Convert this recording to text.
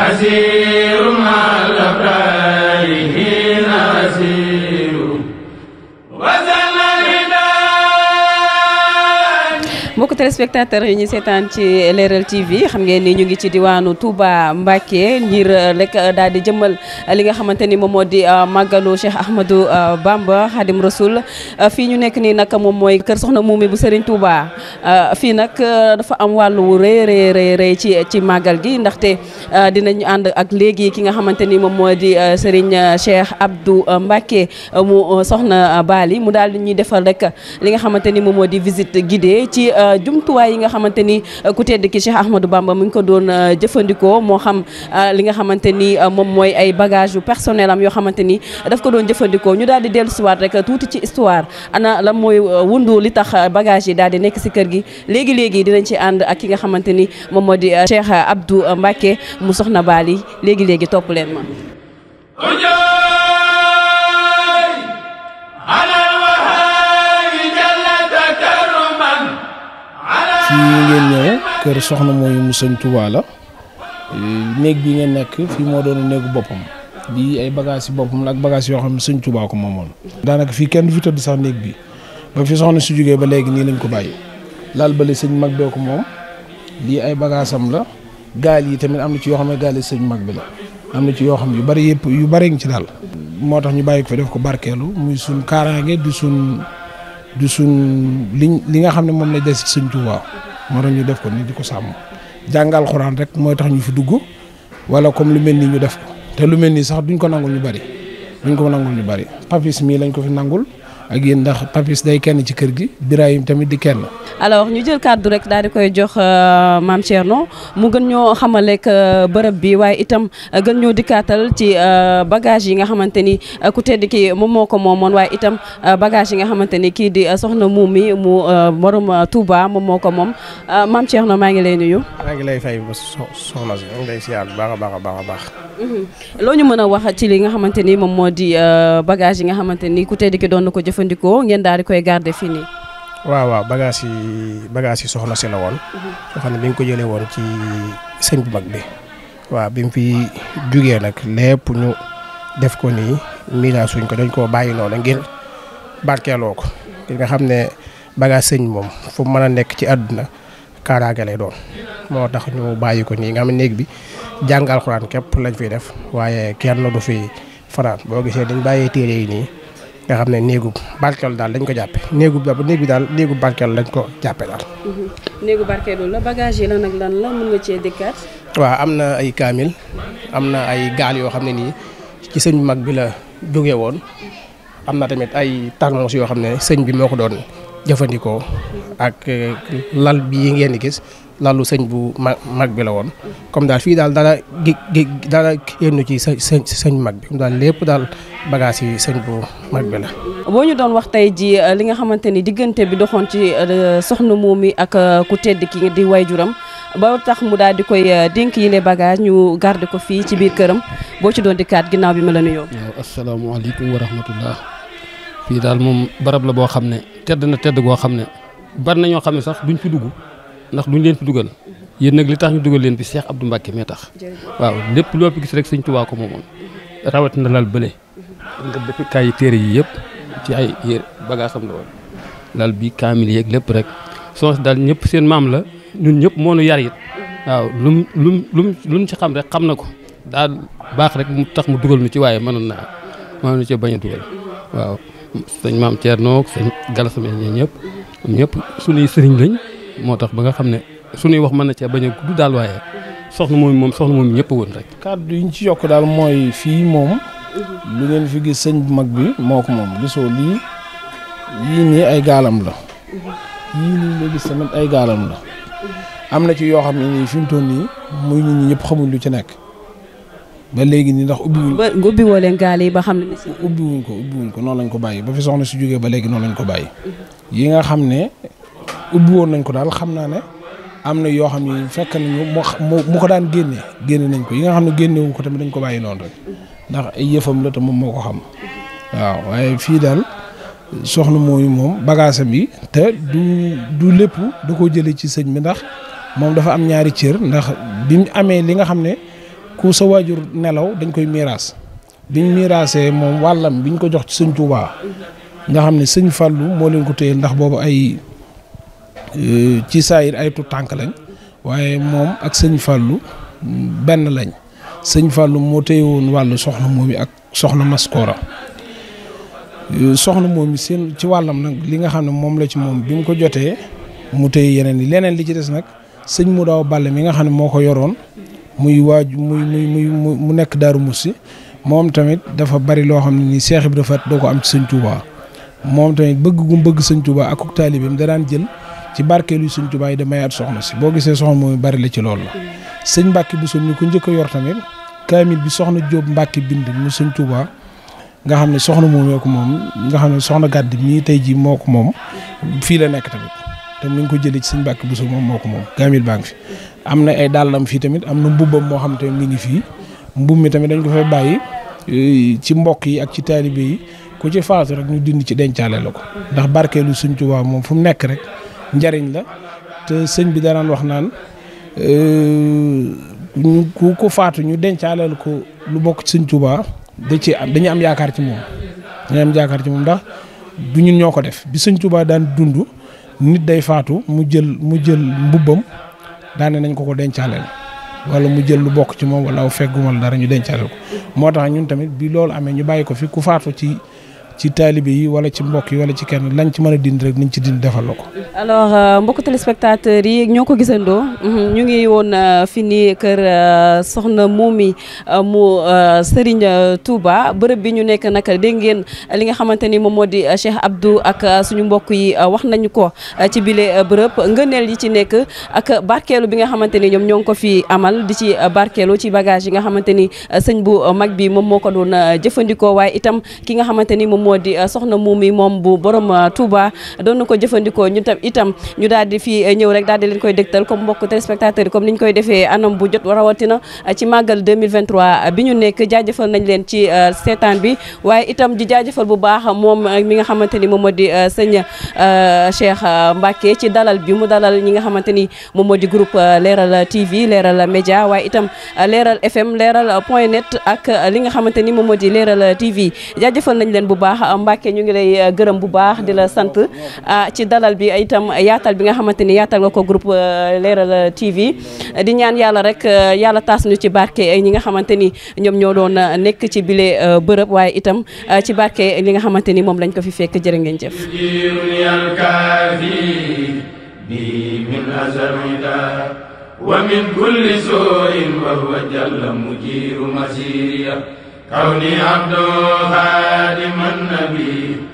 asiru ma labrari mbokk téléspectateurs yi ñu seetaan ci Leral TV xam ngeen ni ñu ngi ci diwaanu Touba Mbacké ngir euh, rek euh, daal di jëmmal euh, li nga xamante ni moom moo di màggalu Cheikh Ahmadou Bamba Khadim Rasoul fii ñu nekk nii nag moom mooy kër soxna Moumi bu Serigne Touba fii nag dafa am wàll wu rëy rëy rëy ci ci màggal gi ndaxte dinañu ànd ak léegi ki nga xamante ni moom moo di Serigne Cheikh Abdou Mbacké mu soxna Bali mu daal di ñuy defal rek li nga xamante ni moom moo di visite guidée ci jumtuwaay yi nga xamante ni euh, ku tedd ki Cheikh Ahmadou Bamba mu ngi ko doon euh, jëfandikoo moo xam euh, li nga xamante ni moom mooy ay bagage yu personnel am yoo xamante ni daf ko doon jëfandikoo ñu daal di dellu siwaat rek tuuti ci histoire ana lan mooy wundu li tax bagage yi daal di nekk si kër gi léegi léegi dinañ ci ànd ak ki nga xamante ni moom moo di Cheikh Abdou Mbacke mu soxna baal yi léegi léegi topp leen ma fii ngeen ñëw kër soxna mooy mu sëñ Touba la néeg bi ngeen nekk fii moo doon néegu boppam di ay bagages yi boppam la ak bagages yoo xam ne sëñ Touba ko moom daanaka fii kenn du fi tëdd sax néeg bi ba fi soxna su jógee ba léegi nii lañ ko bàyyi laal bële sëñ mag bee ko moom lii ay bagages am la gaal yi tamit am na ci yoo xam ne gaal yi sëñ mag bi la am na ci yoo xam yu bari yëpp yu bari ngi ci daal. moo tax ñu bàyyi ko fi def ko barkeelu muy suñ kaaraange di suñ. du suñ liñ li nga xam ne moom lay des ci Sëñ Tuubaa moo tax ñu def ko ni di ko sàmm jàngal xuraan rek mooy tax ñu fi dugg wala comme lu mel nii ñu def ko te lu mel nii sax duñ ko nangul ñu bari duñ ko nangul ñu bari papis mii lañ ko fi nangul ak yéen ndax Papis day kenn ci kër gi Birahim tamit di kenn. alors ñu jël kàddu rek daal koy jox euh, maam Thierno mu gën ñoo xamaleek euh, bërëb bi waaye itam euh, gën ñoo dikkaatal ci bagage yi nga xamante ni ku tedd ki moom moo ko moomoon waaye itam bagage yi nga xamante ni kii di soxna Moumi mu borom Touba moom moo ko moom maam Thierno maa ngi lay nuyu. maa ngi lay fay soxna si maa ngi lay siyaar bu baax a baax a baax a baax. Mm-hmm. loo ñu mën a wax ci li nga xamante ni moom moo di bagage yi nga xamante ku tedd ki doon na ko jëfandikoo jëfandikoo ngeen daal di koy garder fii nii. waaw waaw bagage yi bagage yi soxna si la woon. soo mhm. xam ne bi nga ko jëlee woon ci sëñ bu mag bi. waaw bi mu fi jugee nag lépp ñu def ko nii miila suñ ko dañ koo bàyyi noonu ngir barkeeloo ko. ngir nga xam ne bagage sëñ moom fu mën a nekk ci àdduna kaaraange lay doon. moo tax ñu bàyyi ko nii nga xam ne néeg bi jàng alxuraan képp lañ fiy def waaye kenn du fi fanaan boo gisee dañ bàyyee téere yi nii. nga xam ne néegu barkeel daal dañ ko jàppe néegu néeg daal néegu barkeel lañ ko jàppe daal. Mhm. néegu la bagage yi lan ak la mën nga cee dikkaat. waaw am na ay kaamil am na ay gaal yoo xam ne nii ci sëñ mag bi la jóge woon am na tamit ay tarmos yoo xam ne sëñ bi moo ko doon jëfandikoo ak eh, lal bii ngeen di gis lalu sëñ bu mag mag bi la woon comme daal fii daal dara gi gi dara yenn ci sëñ sëñ mag bi comme daal lépp daal bagage yi sëñ bu mag bi la. boo ñu doon wax tey ji eh, li xamante ni diggante bi doxoon ci eh, soxna Momy ak ku tedd ki di waajuram ba tax mu daal di koy dénk yile bagage ñu garder ko fii ci biir këram boo ci doon dikkaat ginnaaw bi ma la nuyoo. waaw tedd na tedd goo xam ne bari na ñoo xam ne sax duñ fi dugg ndax duñ leen fi dugal yéen nag li tax ñu dugal leen bi Cheikh Abdou Mbacke mee tax waaw lépp loo fi gis rek sëñ Tuubaa ko moomoon lal bële nga defi kaay téere yi yëpp ci ay yére bagage lal bi kaamil yeeg lépp rek soos daal ñëpp seen maam la ñun ñëpp moo nu yar it waaw lum lum lu lum ci xam rek xam na ko daal baax rek mu tax mu dugal nu ci waaye mënoon naa mënoon na ci bañ dugal waaw sëñ maam Thierno sëñ Gallas Mbengue ñoom ñëpp ñëpp suñuy sëriñ lañ moo tax ba nga xam ne suñuy wax mën na cee bañ a gudd daal waaye soxna moom moom soxna moom ñëpp woon rek. kàddu yi ñu ci yokk daal mooy fii moom. lu ngeen fi gis sëñ bu mag bi moo ko moom gisoo lii yii nii ay gaalam la. yii nii nga gis ay gaalam la. am na ci yoo xam ne nii fi mu nii muy nit ñi ñëpp xamuñ lu ci nekk. ba léegi nii ndax ubbi ba ubbiwoo leen gaal yi ba xam ne. ubbiwuñ ko ubbiwuñ ko noonu lañ ko bàyyi ba fi soxna si jógee ba léegi noonu lañ ko bàyyi. Mhm. yi nga xam ne ubbi woon nañ ko daal xam naa ne am na yoo xam ne fekk nañu mu mu ko daan génne génne nañ ko yi nga xam ne génne ko tamit dañ ko bàyyi noonu rek mhm. ndax ay yëfam la te moom moo ko xam waaw waaye fii daal soxna mooy moom bagaasam yi te du du lépp da koo jëlee ci sëñ bi ndax moom dafa am ñaari cër ndax bi mu amee li nga xam ne ku sa waajur nelaw dañ koy miiras biñ miiraasee moom wàllam biñ ko jox ci sëñ Touba nga xam ne sëñ fàllu moo leen ko téyel ndax boobu ay euh, ci saayir ay tu tànk lañ waaye moom ak sëñ Fallou benn lañ sëñ Fallou moo téye woon wàll soxna moom yi ak soxna Maskora euh, soxna moom yi seen ci wàllam nag li nga xam ne moom la ci moom bi mu ko jotee mu téye yeneen yi leneen li ci des nag sëñ mu daaw bàlle mi nga xam ne moo ko yoroon muy waaju muy muy muy mu nekk Daaru Musi moom tamit dafa bari loo xam ne nii Seex Ibra Faat doo ko am ci sëñ Touba moom tamit bëgg gum bëgg sëñ Touba ak ak taalibeem da daan jël ci barkeelu sëñ Touba yi damay at soxna si boo gisee soxna mooy bari la ci loolu la. sëñ Mbàkke Bousso ñu ko njëkk a yor tamit kaamil bi soxna Jóob Mbàkke bind mu sëñ Touba nga xam ne soxna moom ko moom nga xam ne soxna gàdd mii tey jii moo ko moom fii la nekk tami te mi ngi ko jëlee ci sëñ Mbàkke Bousso moom moo ko moom kaamil baa am na ay dàllam fii tamit am na mbubbam moo xam te ngi fii mbub mi tamit dañ ko fay bàyyi eh, ci mbokk yi ak ci taalibe yi ku ci faatu rek ñu dindi ci dencaale ko ndax barkeelu sëñ Tuubaa moom fu mu nekk rek njariñ la te sëñ bi danaan wax naan eh, ñu ku ko faatu ñu dencaaleel ko lu bokk ci sëñ Tuubaa da ci am yaakaar ci moom dañu am yaakaar ci moom ndax du ñun ñoo ko def bi sëñ Tuubaa daan dund nit day faatu mu jël mu jël mbubbam daane nañ ko ko dencaaleel wala mu jël lu bokk ci moom wala aw feggumal dara ñu dencaaleel ko moo tax ñun tamit bi loolu amee ñu bàyyi ko fi ku faatu ci ci taalibe yi wala ci mbokk yi wala ci kenn lañ ci mën dindi rek nañ ci dindi defal la ko. alors euh, mbokk téléspectateurs yi ñoo ko gisandoo mhm, ñu ngi woon euh, fi nii kër euh, soxna Momy mu Serigne Touba bërëb bi ñu nekk nag dégg ngeen li nga xamante ni moom moo di Cheikh Abdou ak suñu mbokk yi wax nañu ko ci bile bërëb ngëneel yi ci nekk ak barkeelu bi nga xamante ni ñoom ñoo ngi ko fi amal di ci barkeelu ci bagage yi nga xamante ni sëñ bu mag bi moom moo ko doon jëfandikoo moom moo di euh, soxna muumi moom bu borom euh, Touba doon na ko jëfandikoo ñu tam itam ñu daal di fii euh, ñëw rek daal di leen koy dégtal comme mbokk téléspectateurs yi comme ni ñu koy defee anam bu jot rawatina ci màggal 2023 bi ñu nekk jaajëfal nañ leen ci seetaan bi waaye itam di jaajëfal bu baax moom mi nga xamante ni moom moo di sëñ Cheikh Mbacke ci dalal bi mu dalal ñi nga xamante ni moom moo di groupe Leeral TV Leeral Média waaye itam Leeral FM Leeral point net ak li nga xamante ni moom moo di Leeral TV jaajëfal nañ leen bu baax baax euh, Mbacke ñu ngi lay euh, gërëm bu baax di la sant ah ci dalal bi itam yaatal bi nga xamante ni yaatal nga ko groupe euh, Leral TV di ñaan yàlla rek yàlla taas ñu ci barke ñi nga xamante ni ñoom ñoo doon nekk ci bile bërëb waaye itam ci barke li nga xamante ni moom lañ ko fi fekk jërë ngeen jëf ومن كل سوء وهو جل مجير مسيريا كوني عبد خادم النبي